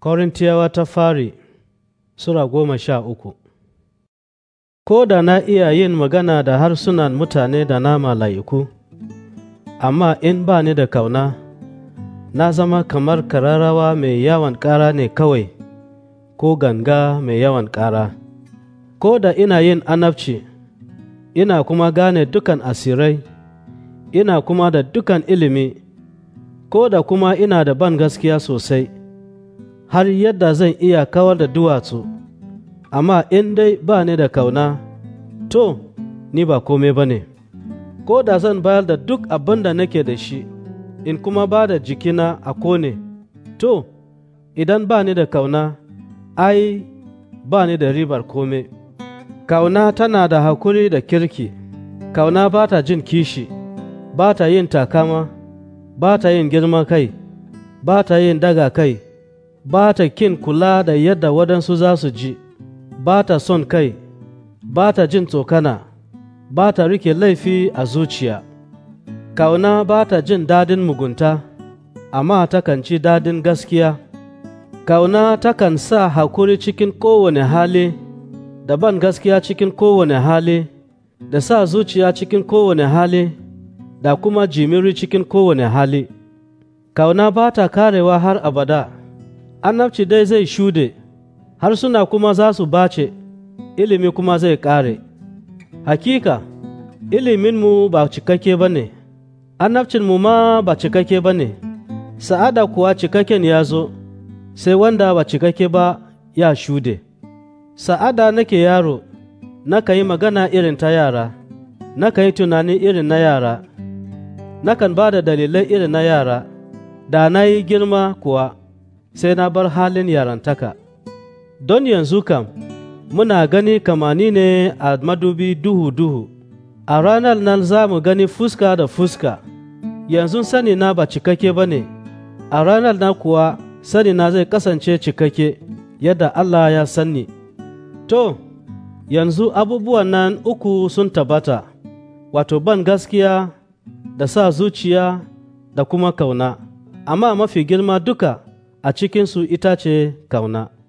Korintiyawa ta fari Sura goma sha uku Ko da na iya yin magana da harsunan mutane da na malayiku, amma in ba ni da kauna, na zama kamar kararrawa mai yawan ƙara ne kawai, ko ganga mai yawan ƙara. Ko da ina yin anabci, ina kuma gane dukan asirai, ina kuma da dukan ilimi, ko da kuma ina da ban gaskiya sosai. har yadda zan iya kawar da duwatsu, amma in dai ba ni da kauna, to, ni ba kome ba ne, ko da zan bayar da duk abin da nake da shi, in kuma ba da jikina a kone, to, idan ba ni da kauna, ai, ba ni da ribar kome. Kauna tana da hakuri da kirki, kauna ba ta jin kishi, ba ta yin takama, ba ta yin girma kai, ba ta yin daga kai. ba ta kin kula da yadda waɗansu za su ji, ba ta son kai, ba ta jin tsokana, ba ta rike laifi a zuciya. Kauna ba ta jin dadin mugunta, amma takan ci dadin gaskiya. Kauna takan sa hakuri cikin kowane hali, da ban gaskiya cikin kowane hali, da sa zuciya cikin kowane hali, da kuma jimiri cikin kowane hali. Kauna ba ta karewa har abada. annabci dai zai shude harsuna kuma za su bace ilimi kuma zai ƙare hakika iliminmu ba cikakke ba ne annabcinmu ma ba cikakke ba ne sa'ada kuwa cikakken ya zo sai wanda ba cikakke ba ya shude sa'ada nake yaro ka yi magana irin ta yara ka yi tunani irin na yara nakan ba da dalilai irin na yara da na yi girma kuwa sai na bar halin yarantaka don yanzu kam muna gani kamani ne a madubi duhu-duhu a ranar nan za mu gani fuska da fuska yanzu sani na ba cikakke ba ne a ranar na kuwa sani na zai kasance cikakke yadda Allah ya sani to yanzu abubuwan nan uku sun tabbata wato ban gaskiya da sa zuciya da kuma kauna amma mafi girma duka a cikinsu ita ce kauna.